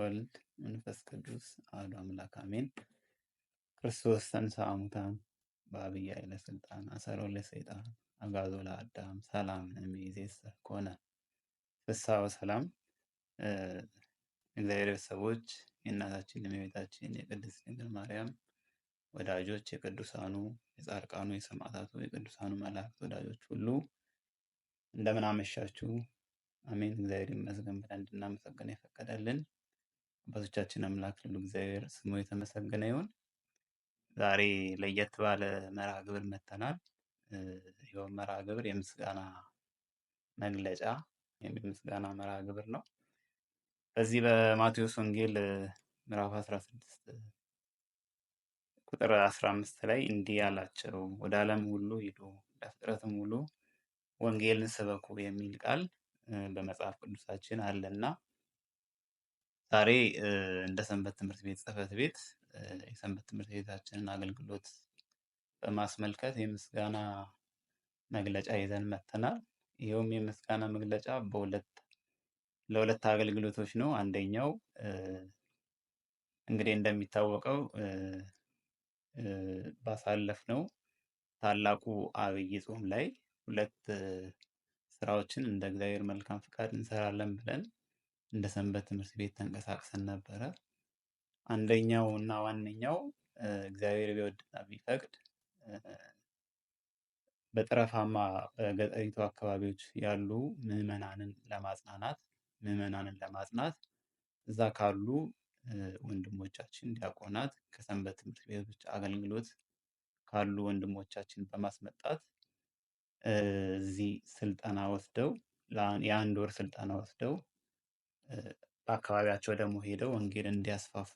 ወልድ መንፈስ ቅዱስ አሐዱ አምላክ አሜን። ክርስቶስ ተንሥአ እሙታን በዐቢይ ኃይለ ሥልጣን አሰሮ ለሰይጣን አግዓዞ ለአዳም ሰላም እምይእዜሰ ኮነ ፍስሐ ወሰላም። እግዚአብሔር ቤተሰቦች፣ የእናታችን የእመቤታችን የቅድስት ድንግል ማርያም ወዳጆች፣ የቅዱሳኑ የጻድቃኑ የሰማዕታቱ የቅዱሳኑ መላእክት ወዳጆች ሁሉ እንደምን አመሻችሁ። አሜን። እግዚአብሔር ይመስገን ብለን እንድናመሰግን የፈቀደልን አባቶቻችን አምላክ ልዑል እግዚአብሔር ስሙ የተመሰገነ ይሁን። ዛሬ ለየት ባለ መርሃ ግብር መጥተናል። ይኸው መርሃ ግብር የምስጋና መግለጫ የምስጋና መርሃ ግብር ነው። በዚህ በማቴዎስ ወንጌል ምዕራፍ 16 ቁጥር 15 ላይ እንዲህ አላቸው፣ ወደ ዓለም ሁሉ ሂዱ፣ ለፍጥረትም ሁሉ ወንጌልን ስበኩ የሚል ቃል በመጽሐፍ ቅዱሳችን አለና ዛሬ እንደ ሰንበት ትምህርት ቤት ጽህፈት ቤት የሰንበት ትምህርት ቤታችንን አገልግሎት በማስመልከት የምስጋና መግለጫ ይዘን መጥተናል። ይኸውም የምስጋና መግለጫ በሁለት ለሁለት አገልግሎቶች ነው። አንደኛው እንግዲህ እንደሚታወቀው ባሳለፍ ነው ታላቁ አብይ ጾም ላይ ሁለት ስራዎችን እንደ እግዚአብሔር መልካም ፍቃድ እንሰራለን ብለን እንደ ሰንበት ትምህርት ቤት ተንቀሳቅሰን ነበረ። አንደኛው እና ዋነኛው እግዚአብሔር ቢወድና ቢፈቅድ በጠረፋማ በገጠሪቱ አካባቢዎች ያሉ ምዕመናንን ለማጽናናት ምዕመናንን ለማጽናት እዛ ካሉ ወንድሞቻችን ዲያቆናት ከሰንበት ትምህርት ቤቶች አገልግሎት ካሉ ወንድሞቻችን በማስመጣት እዚህ ስልጠና ወስደው የአንድ ወር ስልጠና ወስደው በአካባቢያቸው ደግሞ ሄደው ወንጌል እንዲያስፋፉ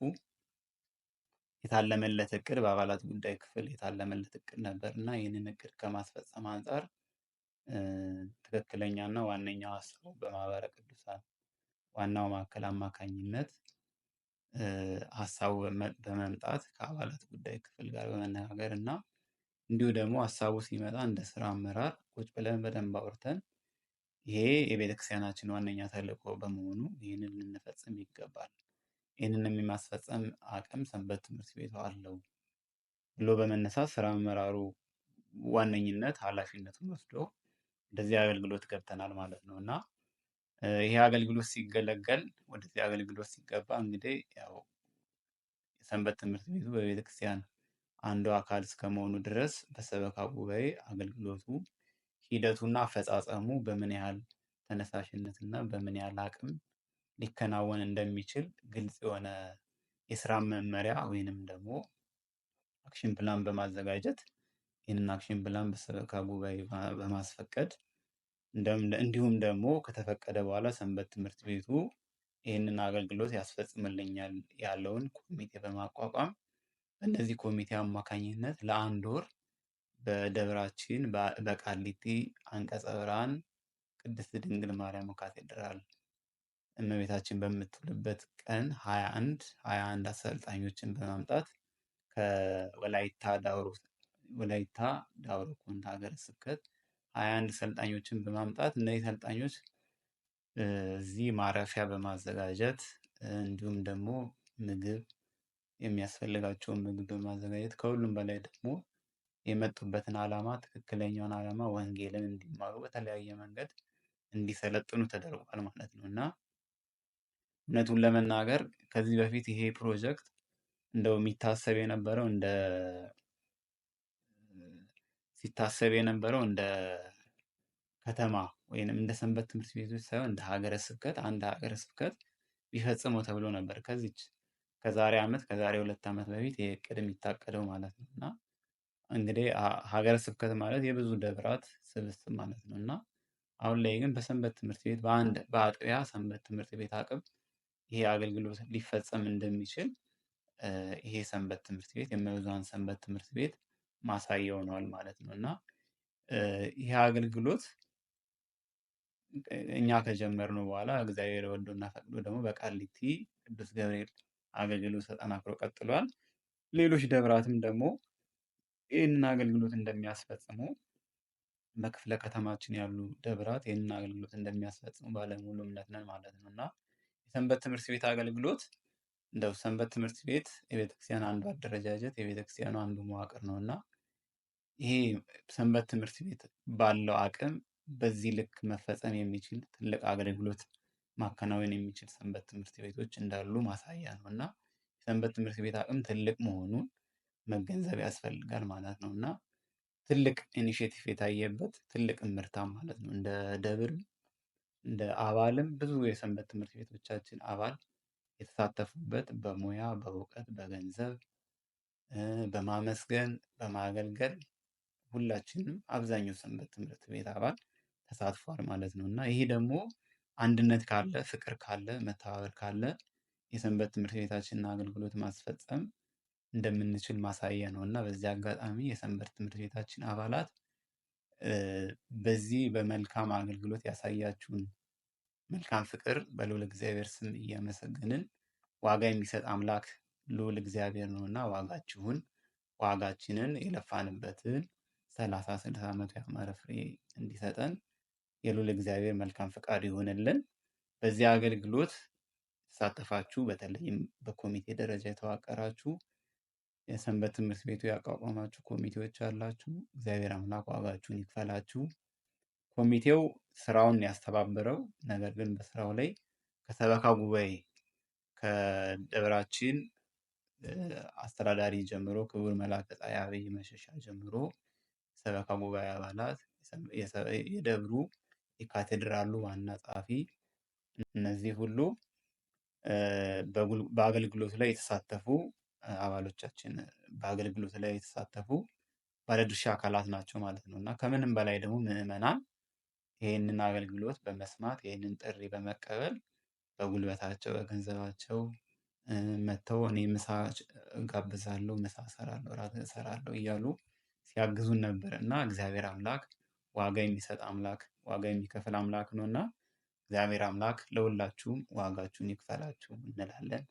የታለመለት እቅድ በአባላት ጉዳይ ክፍል የታለመለት እቅድ ነበር እና ይህንን እቅድ ከማስፈጸም አንጻር ትክክለኛና ዋነኛው ሀሳቡ በማህበረ ቅዱሳን ዋናው ማዕከል አማካኝነት ሀሳቡ በመምጣት ከአባላት ጉዳይ ክፍል ጋር በመነጋገር እና እንዲሁ ደግሞ ሀሳቡ ሲመጣ እንደ ስራ አመራር ቁጭ ብለን በደንብ አውርተን ይሄ የቤተክርስቲያናችን ዋነኛ ተልቆ በመሆኑ ይህንን ልንፈጽም ይገባል። ይህንን የማስፈጸም አቅም ሰንበት ትምህርት ቤቱ አለው ብሎ በመነሳት ስራ አመራሩ ዋነኝነት ኃላፊነቱን ወስዶ ወደዚህ አገልግሎት ገብተናል ማለት ነው እና ይሄ አገልግሎት ሲገለገል ወደዚህ አገልግሎት ሲገባ እንግዲህ ያው የሰንበት ትምህርት ቤቱ በቤተክርስቲያን አንዱ አካል እስከመሆኑ ድረስ በሰበካ ጉባኤ አገልግሎቱ ሂደቱና አፈጻጸሙ በምን ያህል ተነሳሽነት እና በምን ያህል አቅም ሊከናወን እንደሚችል ግልጽ የሆነ የስራ መመሪያ ወይንም ደግሞ አክሽን ፕላን በማዘጋጀት ይህንን አክሽን ፕላን በሰበካ ጉባኤ በማስፈቀድ እንዲሁም ደግሞ ከተፈቀደ በኋላ ሰንበት ትምህርት ቤቱ ይህንን አገልግሎት ያስፈጽምልኛል ያለውን ኮሚቴ በማቋቋም በእነዚህ ኮሚቴ አማካኝነት ለአንድ ወር በደብራችን በቃሊቲ አንቀጸ ብርሃን ቅድስት ድንግል ማርያም ካቴድራል እመቤታችን በምትውልበት ቀን ሀያ አንድ አሰልጣኞችን በማምጣት ከወላይታ ዳውሮ ወላይታ ዳውሮ ኮንታ ሀገረ ስብከት ሰልጣኞችን በማምጣት እነዚህ ሰልጣኞች እዚህ ማረፊያ በማዘጋጀት እንዲሁም ደግሞ ምግብ የሚያስፈልጋቸውን ምግብ በማዘጋጀት ከሁሉም በላይ ደግሞ የመጡበትን ዓላማ ትክክለኛውን ዓላማ ወንጌልን እንዲማሩ በተለያየ መንገድ እንዲሰለጥኑ ተደርጓል ማለት ነው እና እውነቱን ለመናገር ከዚህ በፊት ይሄ ፕሮጀክት እንደው የሚታሰብ የነበረው እንደ ሲታሰብ የነበረው እንደ ከተማ ወይንም እንደ ሰንበት ትምህርት ቤቶች ሳይሆን እንደ ሀገረ ስብከት አንድ ሀገረ ስብከት ቢፈጽመው ተብሎ ነበር። ከዚች ከዛሬ ዓመት ከዛሬ ሁለት ዓመት በፊት ይሄ እቅድ የሚታቀደው ማለት ነው እና እንግዲህ ሀገረ ስብከት ማለት የብዙ ደብራት ስብስብ ማለት ነው እና አሁን ላይ ግን በሰንበት ትምህርት ቤት በአንድ በአጥቢያ ሰንበት ትምህርት ቤት አቅም ይሄ አገልግሎት ሊፈጸም እንደሚችል ይሄ ሰንበት ትምህርት ቤት የመብዙን ሰንበት ትምህርት ቤት ማሳያ ሆኗል ማለት ነው እና ይሄ አገልግሎት እኛ ከጀመርነው በኋላ እግዚአብሔር ወዶና ፈቅዶ ደግሞ በቃሊቲ ቅዱስ ገብርኤል አገልግሎት ተጠናክሮ ቀጥሏል። ሌሎች ደብራትም ደግሞ ይህንን አገልግሎት እንደሚያስፈጽሙ በክፍለ ከተማችን ያሉ ደብራት ይህንን አገልግሎት እንደሚያስፈጽሙ ባለሙሉ እምነት ነን ማለት ነው እና የሰንበት ትምህርት ቤት አገልግሎት እንደው ሰንበት ትምህርት ቤት የቤተክርስቲያን አንዱ አደረጃጀት የቤተክርስቲያኑ አንዱ መዋቅር ነው እና ይሄ ሰንበት ትምህርት ቤት ባለው አቅም በዚህ ልክ መፈጸም የሚችል ትልቅ አገልግሎት ማከናወን የሚችል ሰንበት ትምህርት ቤቶች እንዳሉ ማሳያ ነው እና የሰንበት ትምህርት ቤት አቅም ትልቅ መሆኑን መገንዘብ ያስፈልጋል ማለት ነው እና ትልቅ ኢኒሽቲቭ የታየበት ትልቅ እምርታ ማለት ነው። እንደ ደብር እንደ አባልም ብዙ የሰንበት ትምህርት ቤቶቻችን አባል የተሳተፉበት በሙያ በእውቀት በገንዘብ በማመስገን በማገልገል ሁላችንም አብዛኛው ሰንበት ትምህርት ቤት አባል ተሳትፏል ማለት ነው እና ይሄ ደግሞ አንድነት ካለ፣ ፍቅር ካለ፣ መተባበር ካለ የሰንበት ትምህርት ቤታችንን አገልግሎት ማስፈጸም እንደምንችል ማሳያ ነው እና በዚህ አጋጣሚ የሰንበት ትምህርት ቤታችን አባላት በዚህ በመልካም አገልግሎት ያሳያችሁን መልካም ፍቅር በልዑል እግዚአብሔር ስም እያመሰገንን ዋጋ የሚሰጥ አምላክ ልዑል እግዚአብሔር ነውና ዋጋችሁን ዋጋችንን የለፋንበትን ሰላሳ ስድስት ዓመቱ ያማረ ፍሬ እንዲሰጠን የልዑል እግዚአብሔር መልካም ፍቃድ ይሆንልን። በዚህ አገልግሎት የተሳተፋችሁ በተለይም በኮሚቴ ደረጃ የተዋቀራችሁ የሰንበት ትምህርት ቤቱ ያቋቋማችሁ ኮሚቴዎች አላችሁ። እግዚአብሔር አምላክ ዋጋችሁን ይክፈላችሁ። ኮሚቴው ስራውን ያስተባበረው፣ ነገር ግን በስራው ላይ ከሰበካ ጉባኤ ከደብራችን አስተዳዳሪ ጀምሮ ክቡር መልአከ ፀሐይ አብይ መሸሻ ጀምሮ ሰበካ ጉባኤ አባላት፣ የደብሩ የካቴድራሉ ዋና ጸሐፊ፣ እነዚህ ሁሉ በአገልግሎቱ ላይ የተሳተፉ አባሎቻችን በአገልግሎት ላይ የተሳተፉ ባለድርሻ አካላት ናቸው ማለት ነው እና ከምንም በላይ ደግሞ ምዕመናን ይህንን አገልግሎት በመስማት ይህንን ጥሪ በመቀበል በጉልበታቸው በገንዘባቸው መጥተው እኔ ምሳ ጋብዛለው ምሳ እሰራለሁ፣ ራት እሰራለሁ እያሉ ሲያግዙን ነበር እና እግዚአብሔር አምላክ ዋጋ የሚሰጥ አምላክ ዋጋ የሚከፍል አምላክ ነው እና እግዚአብሔር አምላክ ለሁላችሁም ዋጋችሁን ይክፈላችሁ እንላለን።